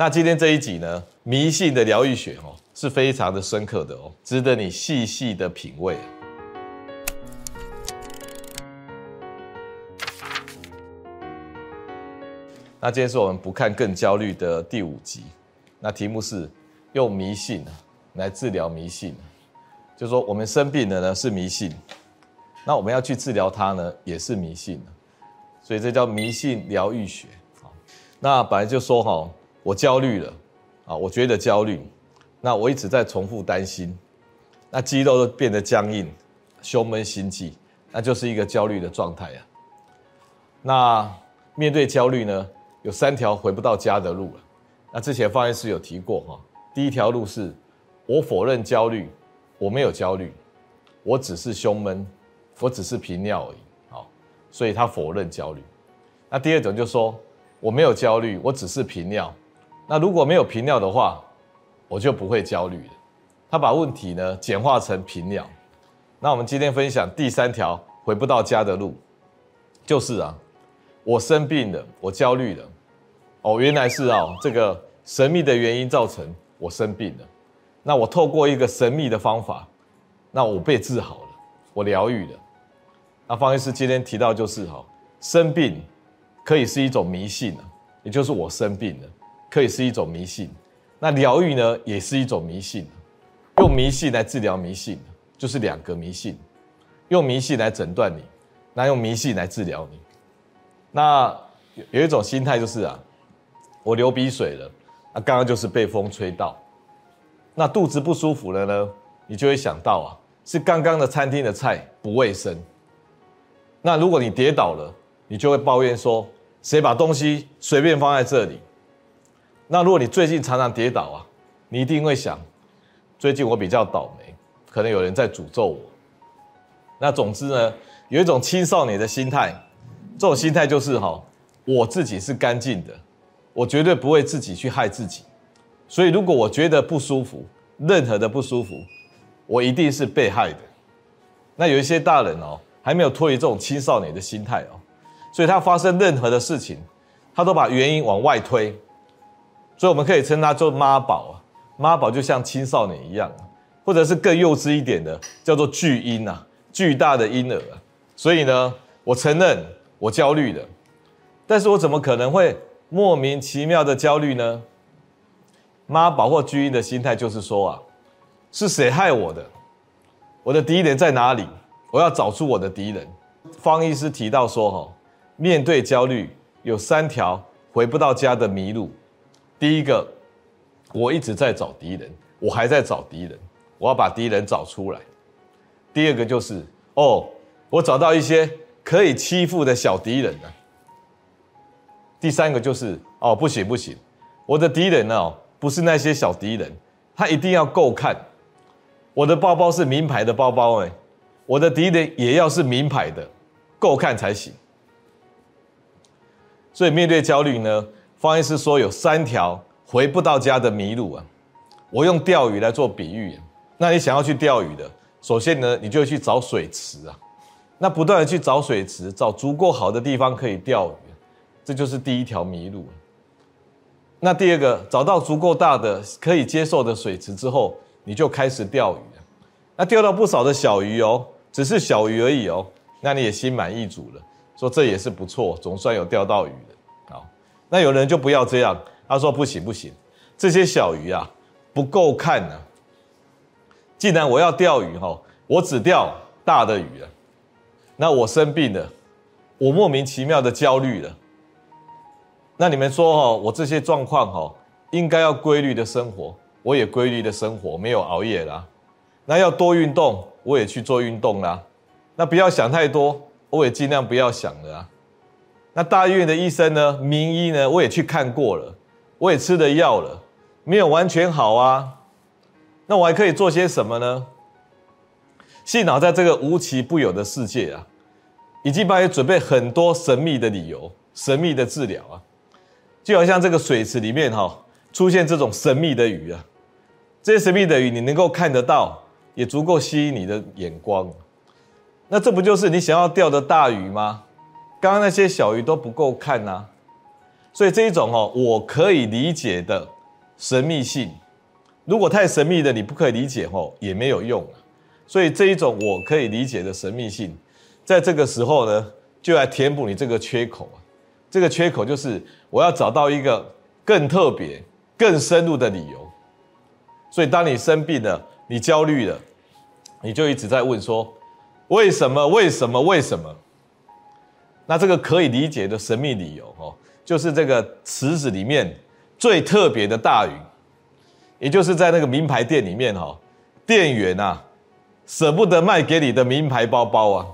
那今天這一集呢，迷信的療癒學哦，是非常的深刻的哦，值得你細細的品味。嗯、那今天是我們不看更焦慮的第五集，那題目是用迷信來治療迷信，就說我們生病的呢是迷信，那我們要去治療它呢也是迷信，所以這叫迷信療癒學。那本來就說哈、哦。我焦慮了，啊，我覺得焦慮，那我一直在重複擔心，那肌肉都變得僵硬，胸悶心悸，那就是一個焦慮的狀態呀。那面對焦慮呢，有三條回不到家的路了。那之前方醫師有提過哈，第一條路是，我否認焦慮，我沒有焦慮，我只是胸悶，我只是頻尿而已，所以他否認焦慮。那第二種就是說，我沒有焦慮，我只是頻尿。那如果沒有頻尿的話，我就不會焦慮了。他把問題呢簡化成頻尿。那我們今天分享第三條回不到家的路，就是啊，我生病了，我焦慮了。哦，原來是啊、哦，這個神秘的原因造成我生病了。那我透過一個神秘的方法，那我被治好了，我療癒了。那方醫師今天提到就是哈、哦，生病可以是一種迷信啊，也就是我生病了。可以是一種迷信，那療癒呢也是一種迷信，用迷信來治療迷信。就是兩個迷信，用迷信來診斷你，那用迷信來治療你，那有一種心態就是啊，我流鼻水了，那剛剛就是被風吹到，那肚子不舒服了呢，你就會想到啊，是剛剛的餐廳的菜不衛生，那如果你跌倒了，你就會抱怨說誰把東西隨便放在這裡。那如果你最近常常跌倒啊，你一定會想，最近我比較倒霉，可能有人在詛咒我。那總之呢，有一種青少年的心態，這種心態就是哈、哦，我自己是乾淨的，我絕對不會自己去害自己。所以如果我覺得不舒服，任何的不舒服，我一定是被害的。那有一些大人哦，還沒有脫離這種青少年的心態哦，所以他發生任何的事情，他都把原因往外推。所以我們可以稱他做媽寶啊，媽寶就像青少年一樣，或者是更幼稚一點的，叫做巨嬰啊，巨大的嬰兒。所以呢，我承認我焦慮了，但是我怎麼可能會莫名其妙的焦慮呢？媽寶或巨嬰的心態就是說啊，是誰害我的？我的敵人在哪裡？我要找出我的敵人。方醫師提到說哦，面對焦慮有三條回不到家的迷路。第一個，我一直在找敵人，我還在找敵人，我要把敵人找出來。第二個就是，哦，我找到一些可以欺負的小敵人了。第三個就是，哦，不行不行，我的敵人哦，不是那些小敵人，他一定要夠看。我的包包是名牌的包包哎，我的敵人也要是名牌的，夠看才行。所以面對焦慮呢，方醫師說有三條回不到家的迷路啊，我用釣魚來做比喻。那你想要去釣魚的，首先呢，你就去找水池啊，那不斷的去找水池，找足夠好的地方可以釣魚，這就是第一條迷路。那第二個，找到足夠大的可以接受的水池之後，你就開始釣魚。那釣到不少的小魚哦，只是小魚而已哦，那你也心滿意足了，說這也是不錯，總算有釣到魚了。那有人就不要這樣，他說不行不行，這些小魚啊不夠看呢、啊。既然我要釣魚哈、哦，我只釣大的魚啊。那我生病了，我莫名其妙的焦慮了。那你們說哈、哦，我這些狀況哈、哦，應該要規律的生活，我也規律的生活，沒有熬夜啦、啊。那要多運動，我也去做運動啦、啊。那不要想太多，我也盡量不要想了、啊。那大醫院的醫生呢，名醫呢，我也去看過了，我也吃了藥了，沒有完全好啊。那我還可以做些什麼呢？幸好在這個無奇不有的世界啊，已經幫你準備很多神秘的理由、神秘的治療啊，就好像這個水池裡面哈、哦、出現這種神秘的魚啊，這些神秘的魚你能夠看得到，也足夠吸引你的眼光。那這不就是你想要釣的大魚嗎？剛剛那些小魚都不夠看吶啊，所以這一種哦，我可以理解的神秘性，如果太神秘的你不可以理解哦，也沒有用啊。所以這一種我可以理解的神秘性，在這個時候呢，就來填補你這個缺口啊。這個缺口就是我要找到一個更特別、更深入的理由。所以當你生病了，你焦慮了，你就一直在問說：為什麼？為什麼？為什麼？那這個可以理解的神秘理由哦，就是這個池子裡面最特別的大魚，也就是在那個名牌店裡面哈，店員吶、啊，捨不得賣給你的名牌包包啊。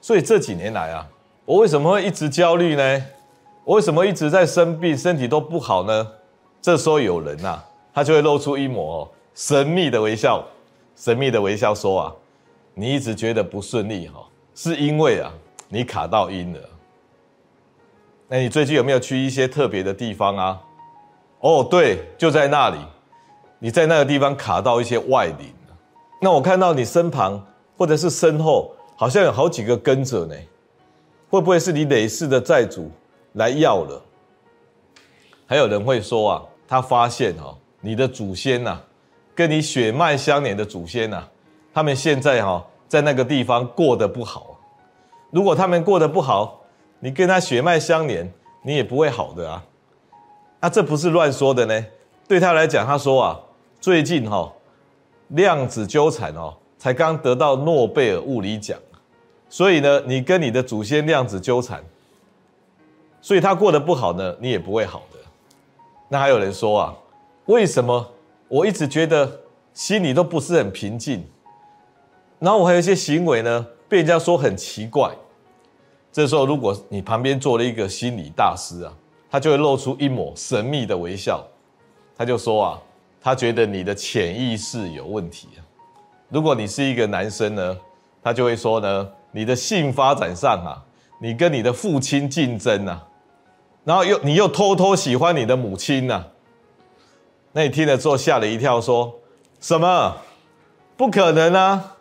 所以這幾年來啊，我為什麼會一直焦慮呢？我為什麼一直在生病，身體都不好呢？這時候有人吶、啊，他就會露出一抹神秘的微笑，神秘的微笑說啊，你一直覺得不順利哈，是因為啊，你卡到陰了。哎，你最近有沒有去一些特別的地方啊？哦，對，就在那裡。你在那個地方卡到一些外靈。那我看到你身旁或者是身後，好像有好幾個跟着呢。會不會是你累世的債主來要了？還有人會說啊，他發現哈，你的祖先吶，跟你血脈相連的祖先吶，他們現在哈在那個地方過得不好。如果他們過得不好，你跟他血脈相連，你也不會好的啊，那、啊、這不是亂說的呢。對他來講，他說啊，最近哈、哦，量子糾纏哦，才剛得到諾貝爾物理獎，所以呢，你跟你的祖先量子糾纏，所以他過得不好呢，你也不會好的。那還有人說啊，為什麼我一直覺得心裡都不是很平靜，然後我還有一些行為呢，被人家說很奇怪。這時候，如果你旁邊坐了一個心理大師啊，他就會露出一抹神秘的微笑，他就說啊，他覺得你的潛意識有問題。如果你是一個男生呢，他就會說呢，你的性發展上啊，你跟你的父親競爭啊，然後又你又偷偷喜歡你的母親啊。那你聽了之後嚇了一跳說，說什麼？不可能啊，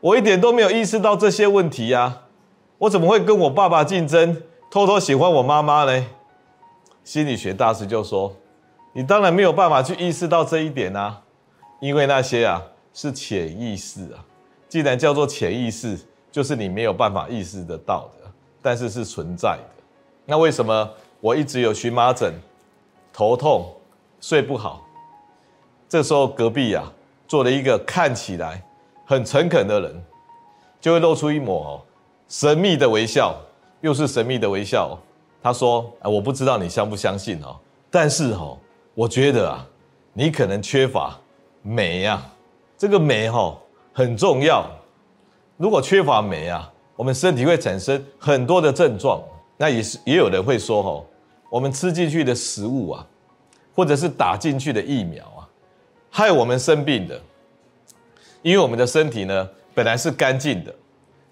我一點都沒有意識到這些問題啊。我怎麼會跟我爸爸競爭，偷偷喜歡我媽媽呢？心理學大師就說：“你當然沒有辦法去意識到這一點啊，因為那些啊是潛意識啊。既然叫做潛意識，就是你沒有辦法意識得到的，但是是存在的。那為什麼我一直有蕁麻疹、頭痛、睡不好？這時候隔壁啊，做了一個看起來很誠懇的人，就會露出一抹、哦。”神秘的微笑，又是神秘的微笑。他說：“啊，我不知道你相不相信哦，但是哦，我覺得啊，你可能缺乏酶呀。這個酶哈很重要。如果缺乏酶啊，我們身體會產生很多的症狀。那也是也有人會說哈，我們吃進去的食物啊，或者是打進去的疫苗啊，害我們生病的。因為我們的身體呢，本來是乾淨的。”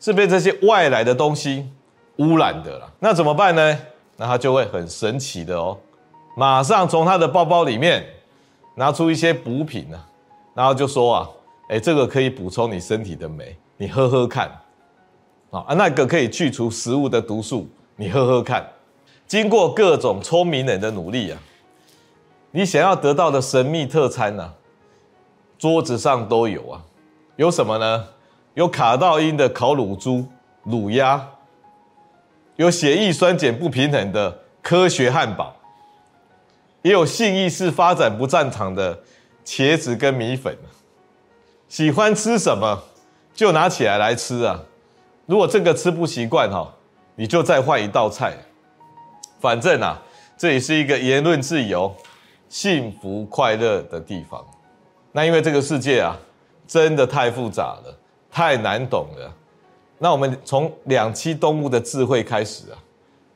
是被這，這些外來的東西污染的了，那怎麼辦呢？那他就會很神奇的哦，馬上從他的包包裡面拿出一些補品呢，啊，然後就說啊，哎，這個可以補充你身體的酶，你喝喝看。啊，那個可以去除食物的毒素，你喝喝看。經過各種聰明人的努力啊，你想要得到的神秘特餐呢，啊，桌子上都有啊。有什麼呢？有卡道因的烤乳豬、乳鴨，有血液酸鹼不平衡的科學漢堡，也有性意識發展不正常的茄子跟米粉。喜歡吃什麼就拿起來來吃啊！如果這個吃不習慣哈，你就再換一道菜。反正啊，這也是一個言論自由、幸福快樂的地方。那因為這個世界啊，真的太複雜了。太難懂了。那我們從兩棲動物的智慧開始啊，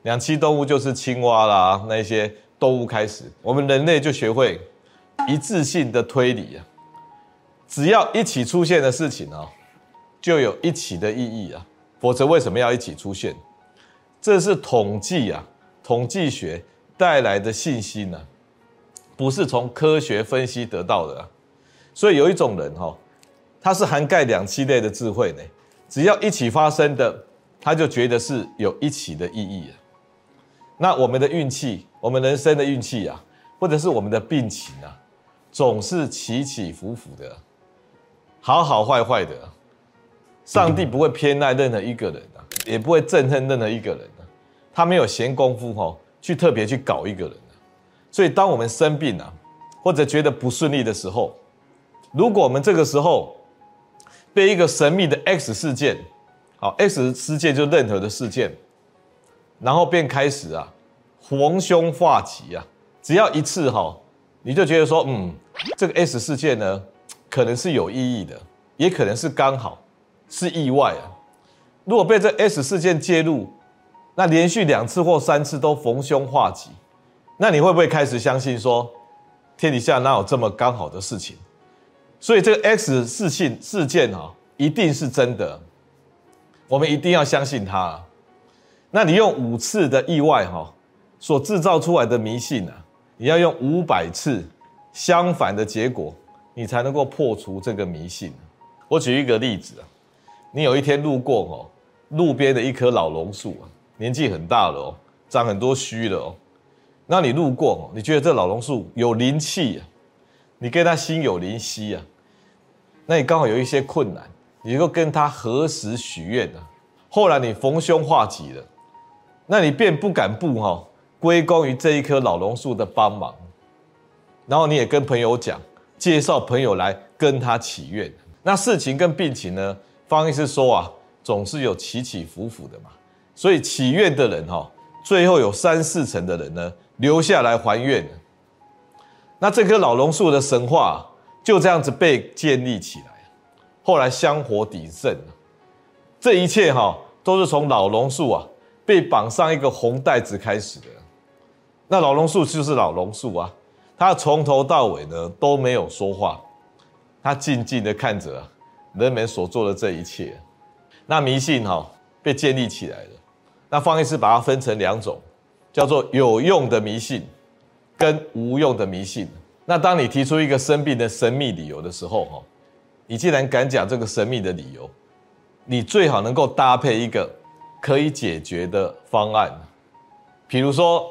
兩棲動物就是青蛙啦，那些動物開始，我們人類就學會一致性的推理啊，只要一起出現的事情哦、啊，就有一起的意義啊，否則為什麼要一起出現？這是統計啊，統計學帶來的信息呢、啊，不是從科學分析得到的、啊，所以有一種人哈、哦。它是涵蓋兩棲類的智慧呢，只要一起發生的，他就覺得是有一起的意義。那我們的運氣，我們人生的運氣啊，或者是我們的病情啊，總是起起伏伏的，好好壞壞的。上帝不會偏愛任何一個人的，也不會憎恨任何一個人的，他沒有閒工夫吼、哦、去特別去搞一個人。所以當我們生病啊，或者覺得不順利的時候，如果我們這個時候，被一個神祕的 X 事件，好，X 事件就任何的事件，然後便開始啊，逢凶化吉啊，只要一次哈、哦，你就覺得說，嗯，這個 X 事件呢，可能是有意義的，也可能是剛好，是意外啊。如果被這 X 事件介入，那連續兩次或三次都逢凶化吉，那你會不會開始相信說，天底下哪有這麼剛好的事情？所以這個 X 事件事件哈、哦，一定是真的，我們一定要相信它、啊。那你用五次的意外哈、哦，所製造出來的迷信啊，你要用五百次相反的結果，你才能夠破除這個迷信。我舉一個例子啊，你有一天路過哦，路邊的一棵老榕樹啊，年紀很大了哦，長很多鬚的哦，那你路過，你覺得這老榕樹有靈氣、啊？你跟他心有靈犀啊，那你剛好有一些困難，你就跟他何時許願啊？後來你逢凶化吉了，那你便不敢不哈，歸功於這一棵老榕樹的幫忙。然後你也跟朋友講，介紹朋友來跟他祈願。那事情跟病情呢，方醫師說啊，總是有起起伏伏的嘛，所以祈願的人哈、哦，最後有三四成的人呢，留下來還願。那這棵老榕樹的神話、啊、就這樣子被建立起來，後來香火鼎盛，這一切哈、啊、都是從老榕樹啊被綁上一個紅袋子開始的。那老榕樹就是老榕樹啊，它從頭到尾呢都沒有說話，它靜靜的看着、啊、人們所做的這一切。那迷信哈、啊、被建立起來了。那方醫師把它分成兩種，叫做有用的迷信。跟無用的迷信。那當你提出一個生病的神秘理由的時候，你既然敢講這個神秘的理由，你最好能夠搭配一個可以解決的方案。比如說，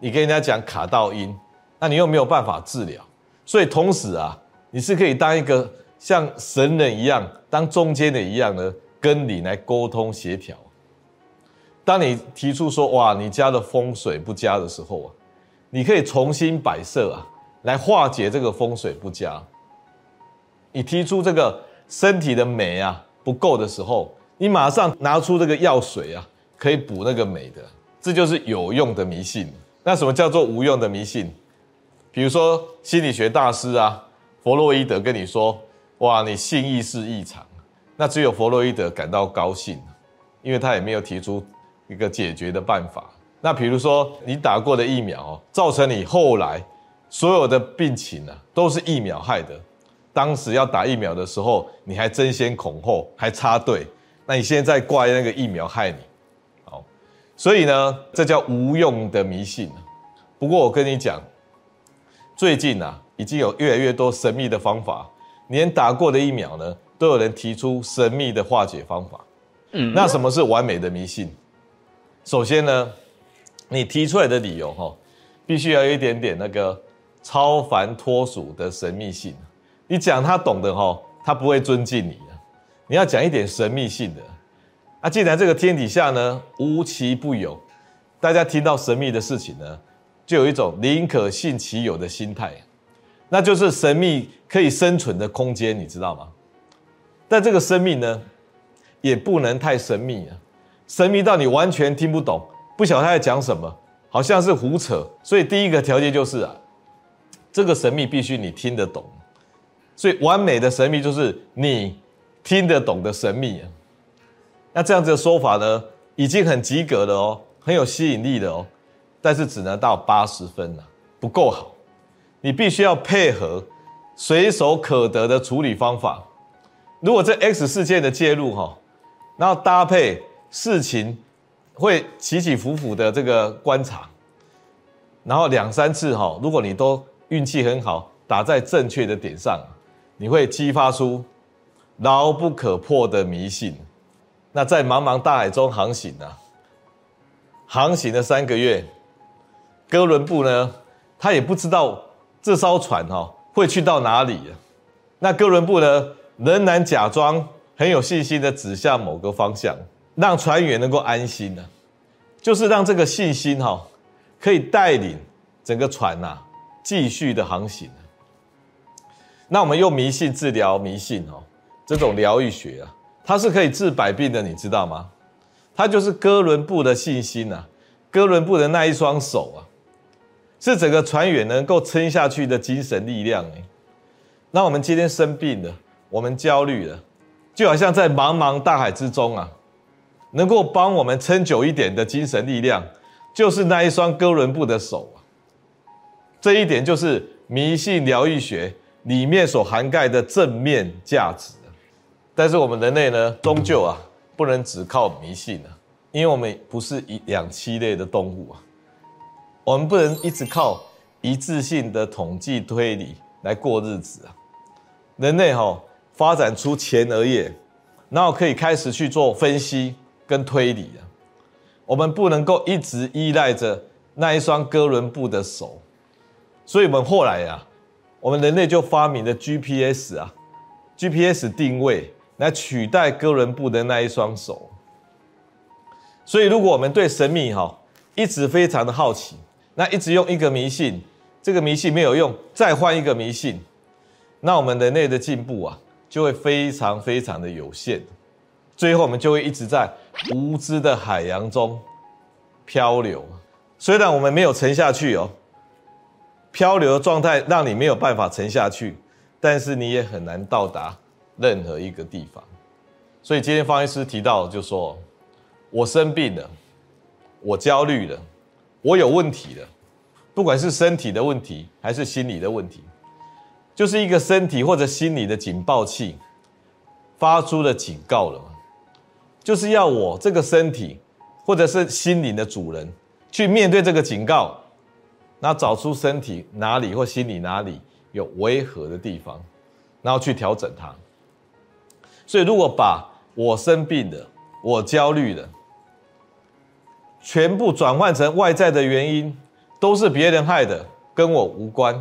你跟人家講卡到陰，那你又沒有辦法治療，所以同時啊，你是可以當一個像神人一樣，當中間的一樣呢，跟你來溝通協調。當你提出說哇，你家的風水不佳的時候啊。你可以重新擺設啊，來化解這個風水不佳。你提出這個身體的鎂啊不夠的時候，你馬上拿出這個藥水啊，可以補那個鎂的，這就是有用的迷信。那什麼叫做無用的迷信？比如說心理學大師啊，弗洛伊德跟你說，哇，你性意識異常，那只有弗洛伊德感到高興，因為他也沒有提出一個解決的辦法。那比如說你打過的疫苗，哦，造成你後來所有的病情呢，啊，都是疫苗害的。當時要打疫苗的時候，你還爭先恐後，還插隊。那你現在怪那個疫苗害你，好，所以呢，這叫無用的迷信。不過我跟你講，最近啊，已經有越來越多神祕的方法，連打過的疫苗呢，都有人提出神祕的化解方法。嗯，那什麼是完美的迷信？首先呢，你提出來的理由齁，必須要有一點點那個超凡脫俗的神秘性。你講他懂的齁，他不會尊敬你，你要講一點神秘性的。啊，既然這個天底下呢，無奇不有，大家聽到神秘的事情呢，就有一種寧可信其有的心態。那就是神秘可以生存的空間，你知道嗎？但這個生命呢，也不能太神秘啊，神秘到你完全聽不懂。不曉得他在講什麼，好像是胡扯。所以第一個條件就是啊，這個神秘必須你聽得懂。所以完美的神秘就是你聽得懂的神秘，啊。那這樣子的說法呢，已經很及格了哦，很有吸引力的哦。但是只能到八十分了，不夠好。你必須要配合隨手可得的處理方法。如果這 X 事件的介入哈，然後搭配事情，會起起伏伏的這個觀察，然後兩三次哈，如果你都運氣很好，打在正確的點上，你會激發出牢不可破的迷信。那在茫茫大海中航行啊，航行了三個月，哥倫布呢，他也不知道這艘船哈會去到哪裡，那哥倫布呢，仍然假裝很有信心的指向某個方向。讓船員能夠安心呢、啊，就是讓這個信心哈、哦，可以帶領整個船吶、啊、繼續的航行。那我們用迷信治療迷信哦，這種療癒學啊，它是可以治百病的，你知道嗎？它就是哥倫布的信心吶、啊，哥倫布的那一雙手啊，是整個船員能夠撐下去的精神力量哎。那我們今天生病了，我們焦慮了，就好像在茫茫大海之中啊。能夠幫我們撐久一點的精神力量，就是那一雙哥倫布的手啊。這一點就是迷信療癒學裡面所涵蓋的正面價值。但是我們人類呢，終究啊，不能只靠迷信啊，因為我們不是一兩棲類的動物啊，我們不能一直靠一致性的統計推理來過日子啊。人類哈、哦，發展出前額葉，然後可以開始去做分析。跟推理啊，我們不能夠一直依賴着那一雙哥倫布的手，所以我們後來呀、啊，我們人類就發明了 GPS 啊，GPS 定位來取代哥倫布的那一雙手。所以，如果我們對神秘哈、啊，一直非常的好奇，那一直用一個迷信，這個迷信沒有用，再換一個迷信，那我們人類的進步啊，就會非常非常的有限。最後，我們就會一直在無知的海洋中漂流，雖然我們沒有沉下去哦，漂流的狀態讓你沒有辦法沉下去，但是你也很難到達任何一個地方。所以今天方醫師提到，就是說：我生病了，我焦慮了，我有問題了。不管是身體的問題還是心理的問題，就是一個身體或者心理的警報器發出的警告了嘛。就是要我這個身體，或者是心靈的主人，去面對這個警告，那找出身體哪裡或心理哪裡有違和的地方，然後去調整它。所以，如果把我生病的、我焦慮的，全部轉換成外在的原因，都是別人害的，跟我無關，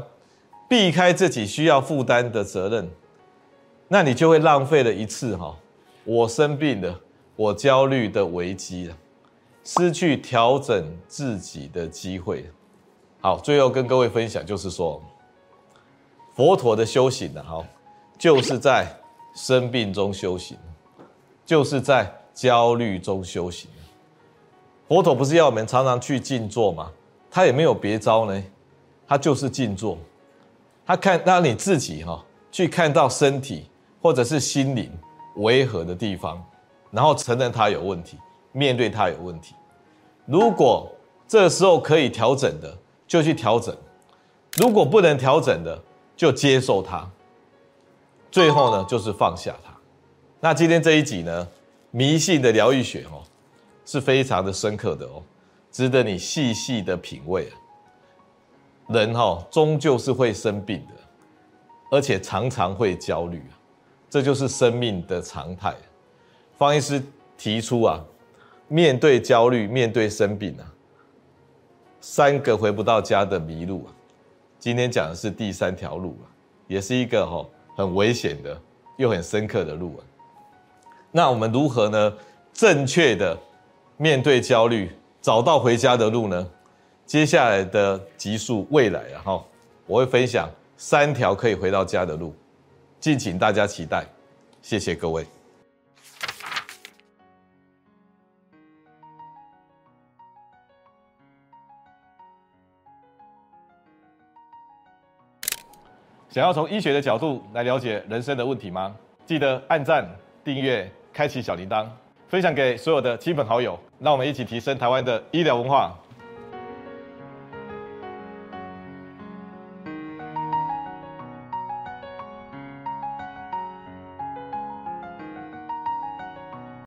避開自己需要負擔的責任，那你就會浪費了一次哈。我生病的。我焦慮的危機了、啊，失去調整自己的機會。好，最後跟各位分享，就是說，佛陀的修行呢，好，就是在生病中修行，就是在焦慮中修行。佛陀不是要我們常常去靜坐嗎？他也沒有別招呢，他就是靜坐，他看讓你自己哈、啊，去看到身體或者是心靈違和的地方。然後承認他有問題，面對他有問題。如果這時候可以調整的，就去調整；如果不能調整的，就接受他。最後呢，就是放下他。那今天這一集呢，迷信的療癒學哦，是非常的深刻的哦，值得你細細的品味啊。人哦，終究是會生病的，而且常常會焦慮啊，這就是生命的常態。方醫師提出啊，面對焦慮，面對生病啊，三個回不到家的迷路啊。今天講的是第三條路啊，也是一個哈很危險的又很深刻的路啊。那我們如何呢？正確的面對焦慮，找到回家的路呢？接下來的極速未來啊哈，我會分享三條可以回到家的路，敬請大家期待。謝謝各位。想要從醫學的角度來了解人生的問題嗎？記得按贊、訂閱、開啟小鈴鐺，分享給所有的親朋好友，讓我們一起提升台灣的醫療文化。